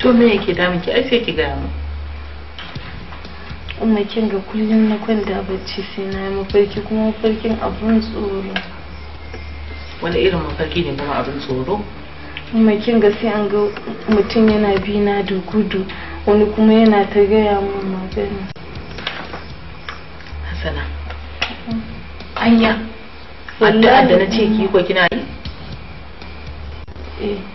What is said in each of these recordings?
to me yake damun ki ai sai ki gaya mu umma kin ga kullum na kwanta bacci sai na yi mafarki kuma mafarkin abun tsoro wani irin mafarki ne kuma abin tsoro umma kin ga sai an ga mutum yana bi na da gudu wani kuma yana ta gaya mun magana Hassana. anya addu'a da na ce ki ko kina yi eh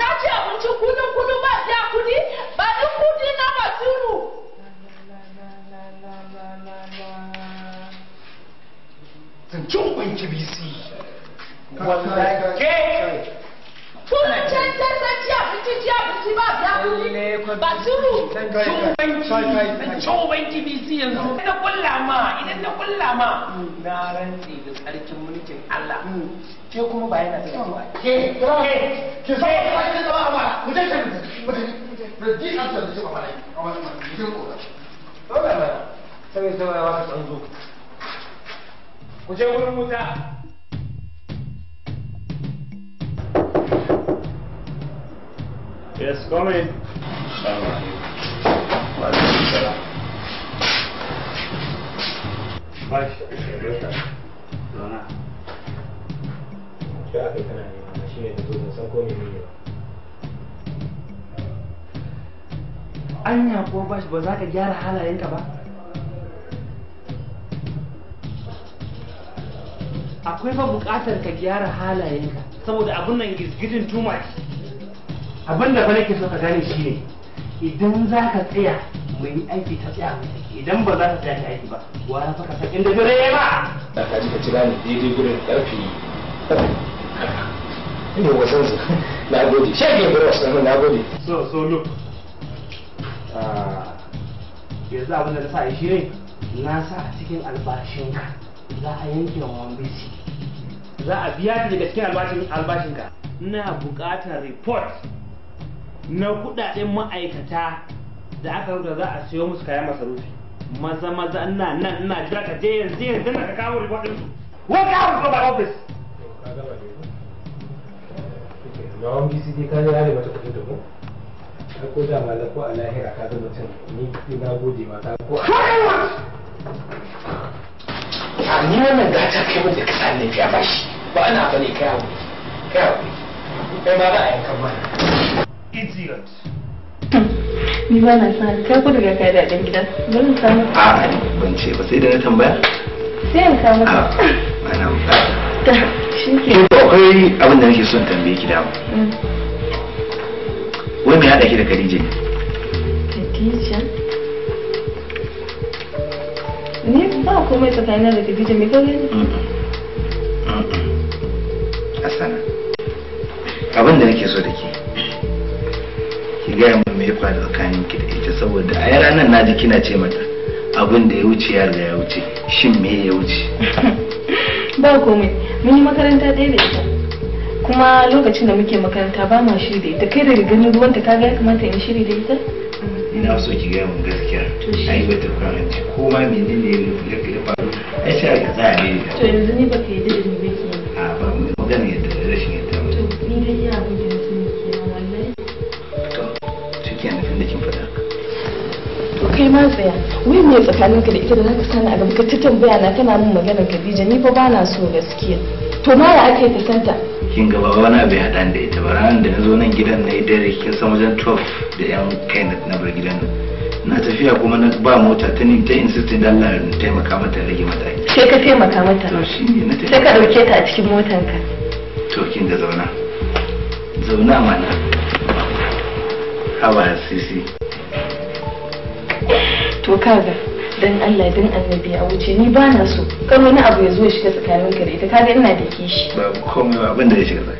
ta ci abinci kudin kudu ba ta kudi ba duk kudi na basiru zancen kwanci bisi wallahi tun can can san ci abinci ci abinci ba biya kuɗi ba turu tubanki tubanki bisi yanzu na kulla ma idan na kulla ma na rantse da tsarkin mulkin ba yana da zuwa ke ke ke so ba ki da ba mu je mu je mu je mu je je Yes, come in. Shi ne zo ne Anya ko ba ba za ka gyara halayenka ba? Akwai fa buƙatar ka gyara halayenka saboda abun nan is too much. abin da nake so ka gane shi ne idan za ka tsaya mai yi aiki ta tsaya mai idan ba za ka tsaya ta aiki ba wa ya faka inda da ya ba da ka ji ka ci ni daidai gurin karfi ne wasan su na gode shi ake gurin wasan na gode so so look ah, yanzu abin da na sa shi ne na sa a cikin albashinka za a yanke wa wambisi za a biya ta daga cikin albashinka ina buƙatar report na kudaden ma'aikata da aka rubuta za a siyo musu kayan masarufi maza maza ina nan ina jira ka je yanzu yanzu na ka kawo report su wai ka from my office yawon gisi ka ne yare mata kudin da mu ai ko da ma ko a lahira ka zama can ni na gode ma ta ko a ni wannan gata kai mata kasa ne ba bashi ba ana bane kai hawo kai hawo kai ma ba a yankan mana idiot ni ba na san kai ku daga kai daɗin gida bari samu a ban ce ba sai da na tambaya sai in samu a ba na ba shi ke ko akwai abin da nake son tambaye ki dama mm. wai mai haɗa ki da Khadija ne Khadija ni ba komai tsakanin da Khadija mai kawai Asana abin da nake so da ke gaya min me ya faru tsakanin ki da ita saboda a ranar na ji kina ce mata abin da ya wuce ya riga ya wuce shin me ya wuce ba komai mun yi makaranta ɗaya da ita kuma lokacin da muke makaranta ba ma shiri da ita kai daga ganin ta kaga ya kamata in shiri da ita ina so ki gaya min gaskiya ai ba ta faranci ko ma menene ya nufi ya faru ai sai ka a ne to yanzu ni ba ka yi da ni ba ke a ba mu magana yadda ma tsaya wai ne tsakanin ka da ita da zaka sani a gaba ka ta tambaya na kana min maganar Khadija ni fa bana so gaskiya to ma ya aka yi ta santa kin ga baba na bai hada da ita ba ran da na zo nan gidan na yi kin san wajen 12 da yan kai na bar gidan na tafiya kuma na ba mota ta ni ta insistin da Allah ya taimaka mata rage mata sai ka taimaka mata to ne na taimaka sai ka dauke ta a cikin motan ka to kin da zauna zauna mana hawa sisi to kaga dan Allah dan annabi a wuce ni ba na so kar wani abu ya zo ya shiga tsakaninka da ita kaga ina da kishi ba komai abin da ya shiga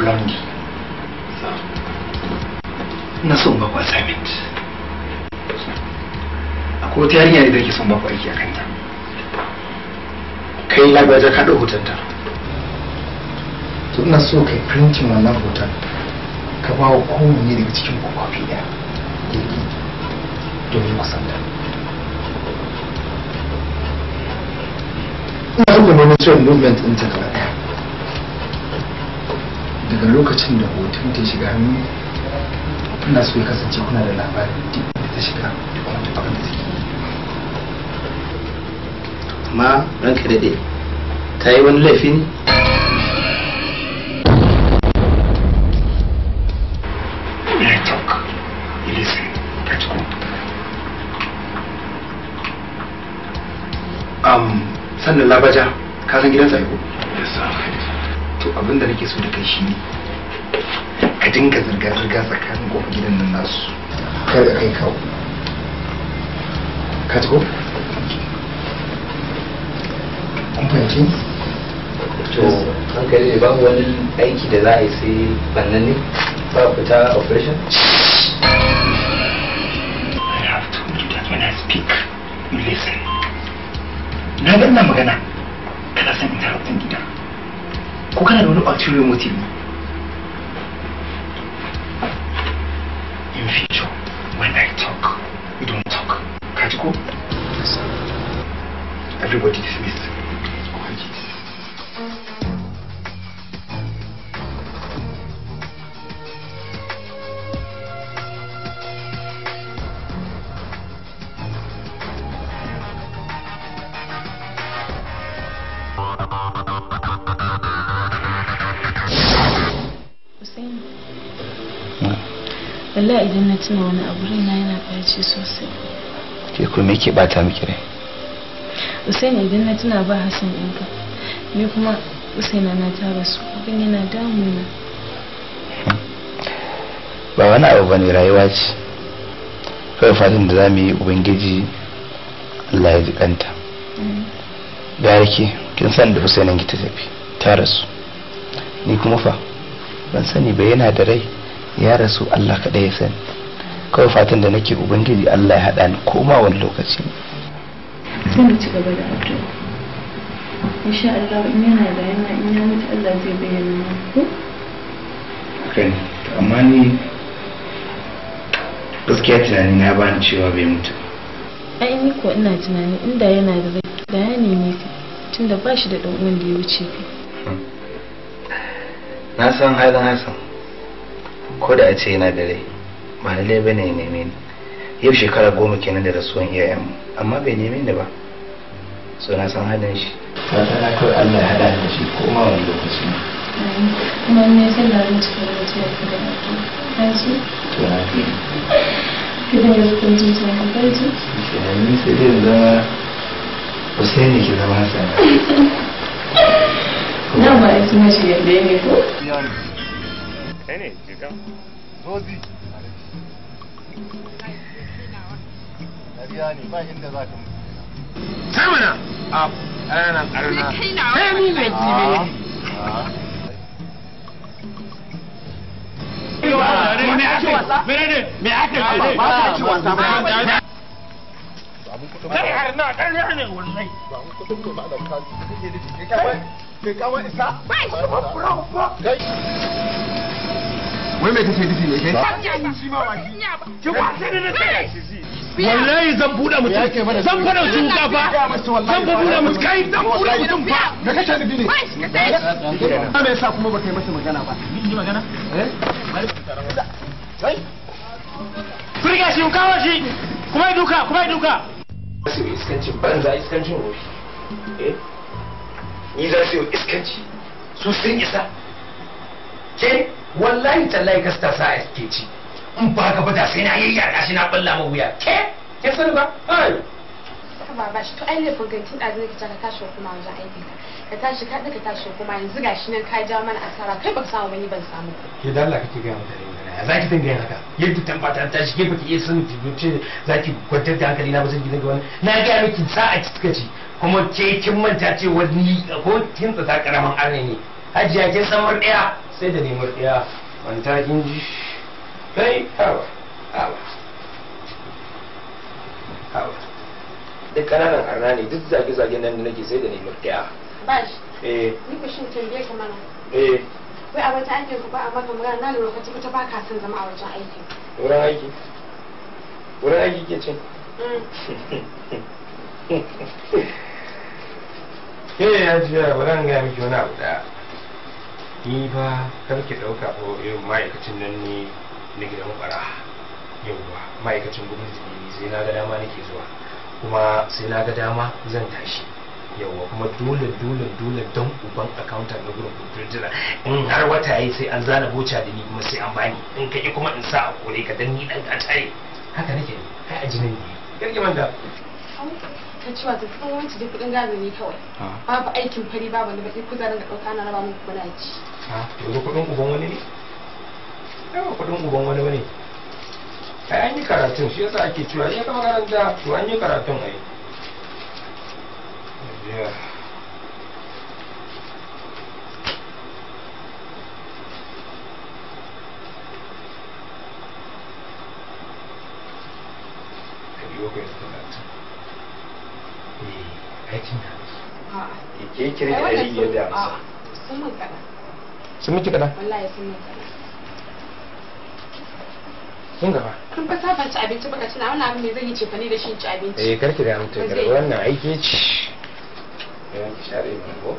blonde na son baku assignment akwai wata yarinya da ke son baku aiki a kanta kai lagwaja ka ɗau hotonta to ina so kai printin wannan hoton ka ba wa kowanne daga cikin ku kwafi ɗaya domin ta. ina so ka nemi movement ɗin ta gaba ɗaya daga lokacin da hoton ta shiga hannu kuna so ya kasance kuna da labarin duk da ta shiga da kuma ta abin da take amma ranka daɗe ta yi wani laifi ne Um, sannan labaja ka san tsaye ko? to abin da nake so da kai shi ne ka dinga zirga-zirga tsakanin kofar gidan nan nasu kar ka kai kawo ka tuko? kun fahimci to hankali ne babu wani aiki da za a yi sai bannan ne ba fita operation I have listen. Na ga ina magana, kana san ina rukun gida. ko kana da wani ɓacin rai motive in future when i talk you don't talk kaji ko everybody dismiss. wallahi idan na tuna wani abu na yana ɓaci sosai ke ku me ke bata miki rai Usain idan na tuna ba Hassan ɗinka ni kuma usain na ta rasu abin yana damuna hmm. ba wani abu bane rayuwa ce kawai fatan da za mu yi ubangiji Allah ya ji kanta da mm. yake kin san da Usainan ki ta tafi ta rasu ni kuma fa ban sani ba yana da rai ya rasu Allah kaɗai ya sani kawai fatan da nake ubangiji Allah ya haɗa ni koma wani lokaci sai mu ci gaba da insha Allah in yana da yana in ya mutu Allah zai bayyana kai amma ni gaskiya tunani na bani cewa bai mutu ai ni ko ina tunani inda yana da rai da ya neme tunda ba shi da ɗan uwan da ya wuce ka na san haizan Hassan ko da a ce yana da rai ba lalle ba ne ya neme ni yau shekara goma kenan da rasuwan iyayenmu amma bai neme ni ba so na san halin shi fata na kawai Allah ya hada da shi ko ma wani lokaci ne kuma me yasa da mu cikin zuciya ta da ake kaji to na fi kidan da kun ji ta ka kaji shi ne ni sai dai zama ne ke zama sana. Na ba a kina shi yadda ya ne ko? 谁呢？几张？罗迪。يعني ما عندنا ذاك ثمنة أب أنا أنا ثاني نجيبه kai har na ƙarya ne wallahi kai kawai isa kai kuma fura ba wai mai kace disi ne kai wallahi zan buɗe mutum zan fara su zan fa buɗe mutum zan buɗe mutum fa kace me yasa kuma baka yi magana ba ni magana eh kawo shi kuma yi duka kuma yi duka. Eh? Ni za su iskanci. Su sun isa. Ke? wallahi tallahi gasta sa a ke ci in ba ka ba sai na yayyaka shi na balla ma wuya ke ke sani ba ai ba shi to ai ne gantin da zai ka tashi kuma wajen aiki ka ka tashi ka ka tashi kuma yanzu gashi nan ka ja mana asara kai ka samu wani ban samu ke dalla kake ga mutane ya zaki dinga yin haka yadda tambata ta shi gefe ki iya sanin ce zaki kwantar da hankali na bazan gidan daga wani na ga miki sa'a ki kika ci kuma ke kin manta ce wani ko kin tsaka karaman arne ne hajiya ke samar mur daya sai da nemo ɗaya wanta kin ji kai awa awa awa duk ƙananan arna ne duk zage-zage nan da nake sai da nemo ɗaya shi eh ni ku shin tambaye ka mana eh wai a wata aikin ku ba a maka magana na lura kace kuta ta baka son zama a wajen aiki wurin aiki wurin aiki ke ce Eh, ya ji ya wurin ga miki wani abu daya ni ba kar ki ɗauka ko irin ma'aikacin nan ne na gidan kwara yauwa ma'aikacin gwamnati ne sai na ga dama nake zuwa kuma sai na ga dama zan tashi yauwa kuma dole dole dole don uban akawunta na gurin kudurjira in har wata yi sai an zana boca da ni kuma sai an bani in ka kuma in sa a kore ka dan ni dan ka tare haka nake ai a jinin ne kirki manta ta cewa ta sun wuce da kudin gado ne kawai ah. babu aikin fari babu da baki kuzarin da ɗauka na raba muku kuna ci ah, yanzu kudin uban wani ne yawa kudin uban wani ne ai an yi karatun shi yasa ake cewa in ya kama karanta to an yi karatun ai Yeah. kirkire da ɗari biyar da musa sun miki kada wallahi sun miki kaɗan kin gaba kun fa ta ci abinci baka tuna wannan abin mai zan yi cefane da shi ci abinci eh karki da mutum wannan aiki ce yawan ki share ko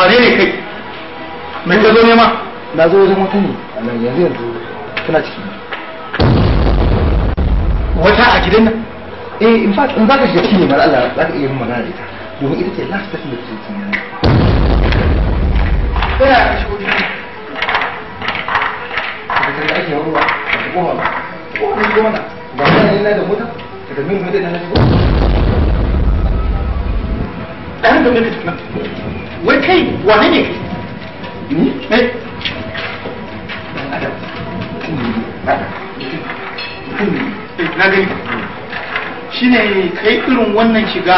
wane ne kai mai ka zo nema na zo wajen wata ne a nan yanzu yanzu tana ciki wata a gidan nan eh in fact in za ka shiga cikin mara Allah za ka iya yin magana da ita domin ita ce last step da ke cikin yanzu tsaya ka shigo gidan da ta ake ruwa ba ta goma ba ko an yi goma ba ba ne na da mota daga min mota na shigo ɗan da mai ka tunan wai kai wane ne kai hmm? na gani shi ne kai irin wannan shiga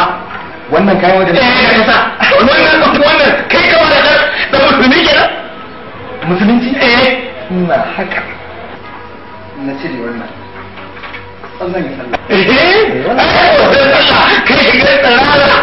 wannan kayan wajen da eh, wannan wannan kai kama da kar da musulmi kenan musulunci eh na haka na cire wannan zan yi sallah eh, eh, eh kai ga tsarara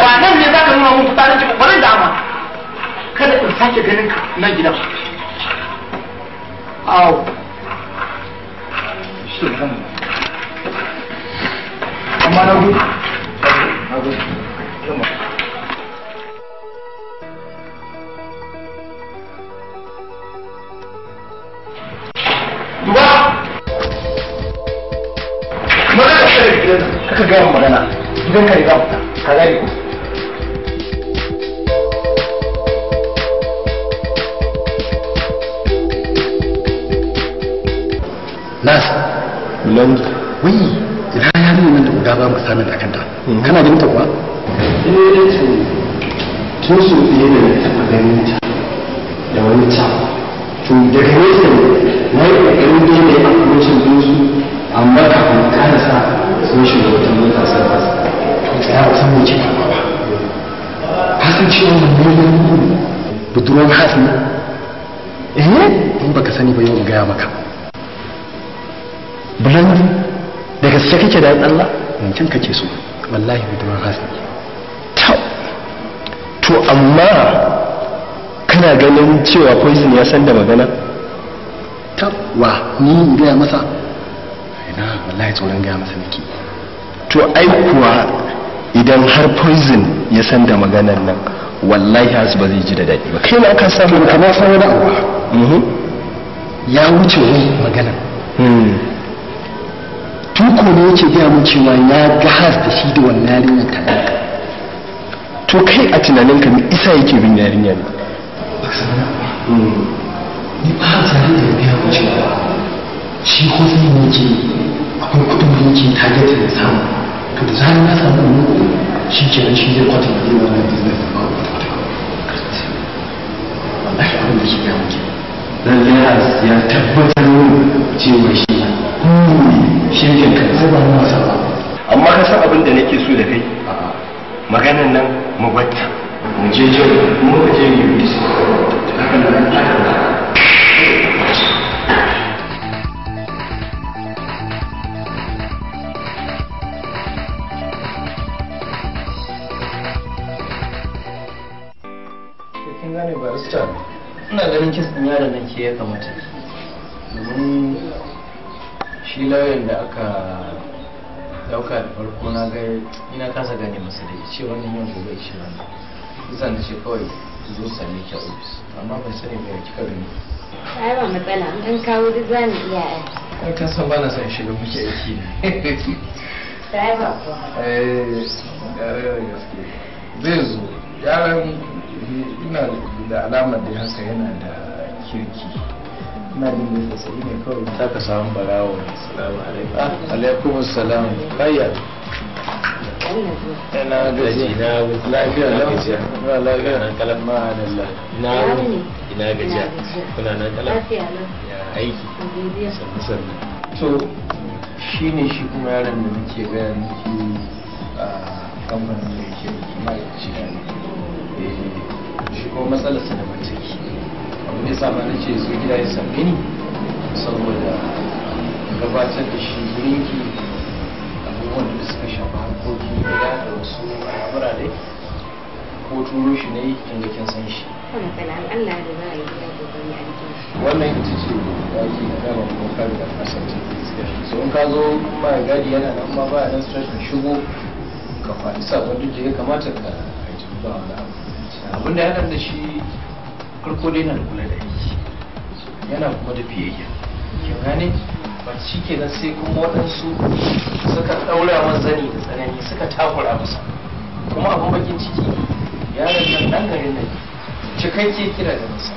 ba nan ne za ka nuna mun fita cikin ba da dama kada in sake ganin nan gidan awo amma na gudu wancan kake so wallahi budurwar hasani to amma kana ganin cewa poison ya san da magana wa ni in gaya masa ina wallahi tsoron gaya masa nake to ai kuwa idan har poison ya san da maganar nan wallahi hasu ba zai ji da daɗi ba kai ma ka samu kamar sanar da ya wuce magana. Hmm. ko ne yake gaya mun cewa ya gahas da shi da wannan yarinyar ta to kai a tunanin ka isa yake bin yarinya ne ni ba ta yi da biya mun cewa shi hotsi ne ke akwai kudin da yake targetin da samu to da zarar na samu ne shi ke shi zai kwata da yawa na biyu da ba wata wata wallahi abin da ke gaya mun ke ya tabbatar mu cewa shi ne abin da nake so da kai maganan nan mu batta mu je je mu ka je mu yi hakan nan kin gane barista ina ganin kis ɗin yaron nan ke ya kamata domin shi lauyan da aka dauka da farko na ga ina kasa gane masa da ce wannan yau gobe ce wannan zan ce kawai zo sami ki ofis amma ban sani ba kika gani ai ba matsala dan kawo duk zan iya ai ka san bana san shi da muke aiki ne sai ba ko eh, eh, eh zai zo yaran ina da alamar da haka yana da kirki ina jin da yake sai ne kawai za ka samu barawo assalamu alaikum alaikum kayya ina gaji na lafiya lafiya na lafiya na kalan ma Allah na ina gajiya kuna nan kalan ya aiki sannu sannu to shine shi kuma yaron da muke ga miki a kamfanin da yake ma'aikaci eh, shi kuma matsalarsa da mace abu ne sama na ce zo gida ya same ni saboda gabatar da shi gurinki abubuwan da suka shafa harkokin gida da wasu al'amura dai ko turo shi ne kin ga kin san shi wannan ita ce gadi a gama ko kare da kasance so in ka zo ma gadi yana nan ma ba nan stress ka shigo ka faɗi sabon duk da ya kamata ka ba wani abu abinda yana da shi farko dai na da kula da aiki yana kuma da biyayya kin gane ba shi ke nan sai kuma waɗansu suka ɗaura man zani da tsanani suka takura masa kuma abin bakin ciki yaron nan ɗan garin nan cikakke kira da masa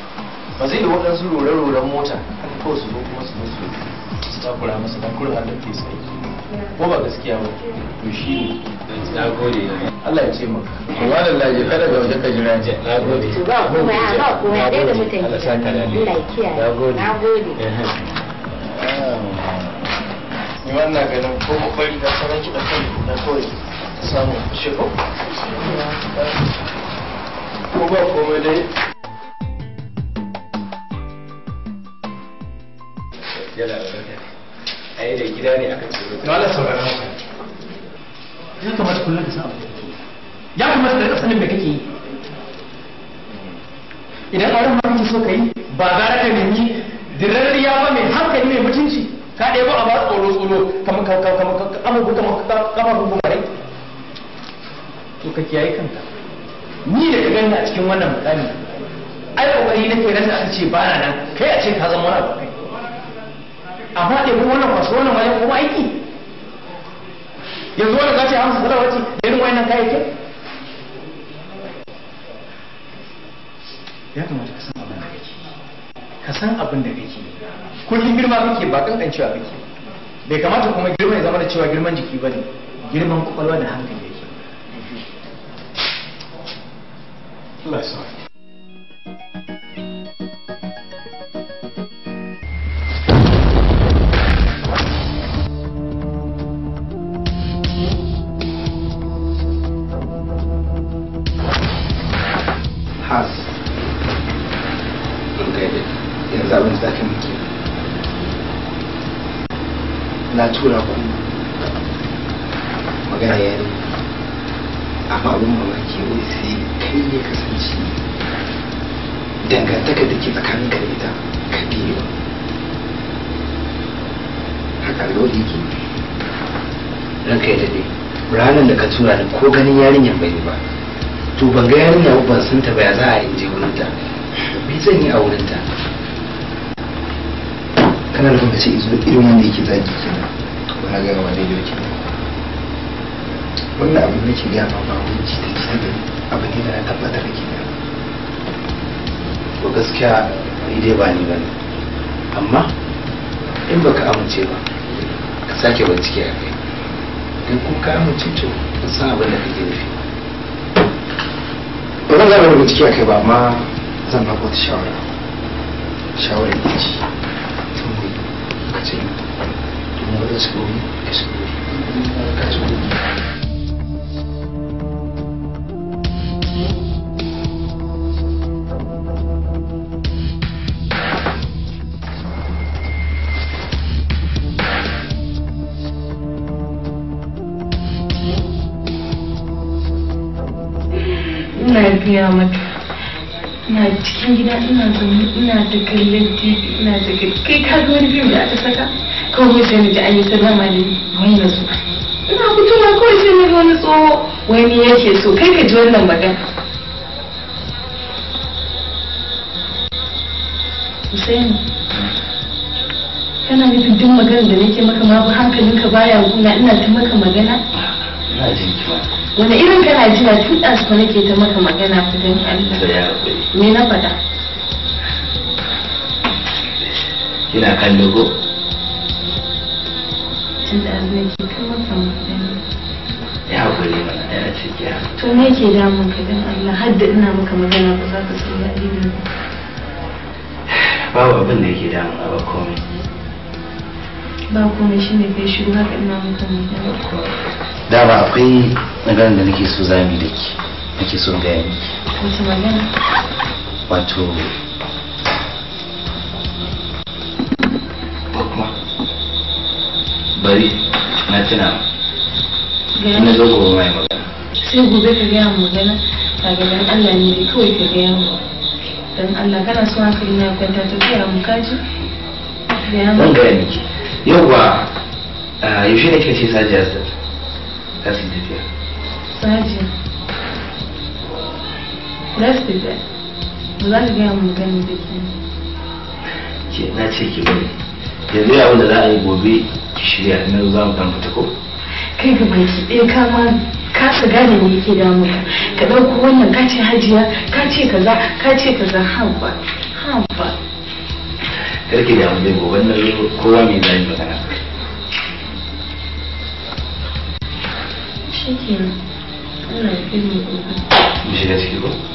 ba zai yi waɗansu rore-roren mota haka kawai su zo kuma su zo su takura masa takura kurin da fesa aiki ko ba gaskiya ba to shi ne na gode Allah ya ce maka to wannan laje kada ga wajen ka jira ji na gode ba ko ba kuma dai da mutane Allah saka da ni na gode na gode ni wannan ganin ko kokari da sauran ki da kai da kawai samu shigo ko ba komai dai yana da a yi da gida ne akan sirri da Allah saurara ya kamata kullum ka san abu ya kamata ka sanin me kake yi idan auren ma kake so kai ba gara ka nemi dirariya ba mai hankali mai mutunci ka ɗebo a ba tsoro tsoro kamar kamar kama abubu kama kamar abubu ka to ka kiyaye kanka ni da ka gani a cikin wannan misali ai kokari nake rasa a ce ba na nan kai a ce ka zama wani abu kai a faɗe ko wannan wasu wannan wani kuma aiki yanzu wani kace hamsu salawaci da irin yi kyau? ya kamata ka san abin da kake ka san abin da kake kullum girma kake ba kankancewa kake bai kamata kuma girma ya zama da cewa girman jiki ba ne girman kwakwalwa da hankali yake Allah ya tura ku magana ya ne amma abin mamaki wai sai kai ne kasance dangantaka da ke tsakanin ka da ita ka biyu haka lori ke ranka ya daɗe ranar da ka tura da ko ganin yarinyar bai ba to ban ga yarinya ban sun ta baya za a yi je ta bi zan yi a wurinta kana da kuma ce izo irin wanda yake zagi kenan na gaya wa daidai ke wannan abin da ke gaya ma ba wani ci take hankali abin ne da na tabbatar ke da Ko gaskiya ni dai ba ni ba ne amma in ba ka amince ba ka sake bincike a kai in kun ka amince to ka san abin da kake nufi ba zan zama da bincike a kai ba amma zan ba wata shawara shawarar ya ce tun lokacin 哪天啊？我哪天给你？哪天？哪天？给李姐？哪天？给？给卡哥的？给哪个？kawai sai na ji an yi sallama da ni wai ya zo ina fitowa kawai sai na wani tsoho wani yake so kai ka ji wannan magana Hussein kana nufin duk maganar da nake maka ma hankalinka baya guna ina ta maka magana? Ina jin ki Wani irin kana jira tun ɗansu nake ta maka magana ku don Allah. Me na faɗa? Kina kallo ko? nan ki kama samu ya haƙuri mana ya ce ki to me ke damun ka dan Allah har da ina maka magana ba za ka samu daɗi ba babu abin da yake damun ba komai ba komai shine kai shiru haka ina maka magana ko. da ba akwai maganar da nake so za mu ki nake so gaya miki wace magana wato bari na tuna ina zo gobe mai magana sai gobe ka gaya mu magana kaga dan Allah ne kawai ka gaya mu dan Allah kana so haka ina kwanta ta gaya mu kaji ban gaya miki yauwa yaushe ne kika ce sajiya za su tafiya sajiya za su tafiya ba za ka gaya mu magana da ke na ce ki bari yanzu abin da za a yi gobe shirya na za mu dan fita ko kai ga baki kama ka ma kasa gane me yake damu mu ka dauko wannan ka ce hajiya ka ce kaza ka ce kaza hanfa hanfa karki da mu dai go wannan kowa mai zai magana shi ke nan Allah ya fi mu gobe ciki ko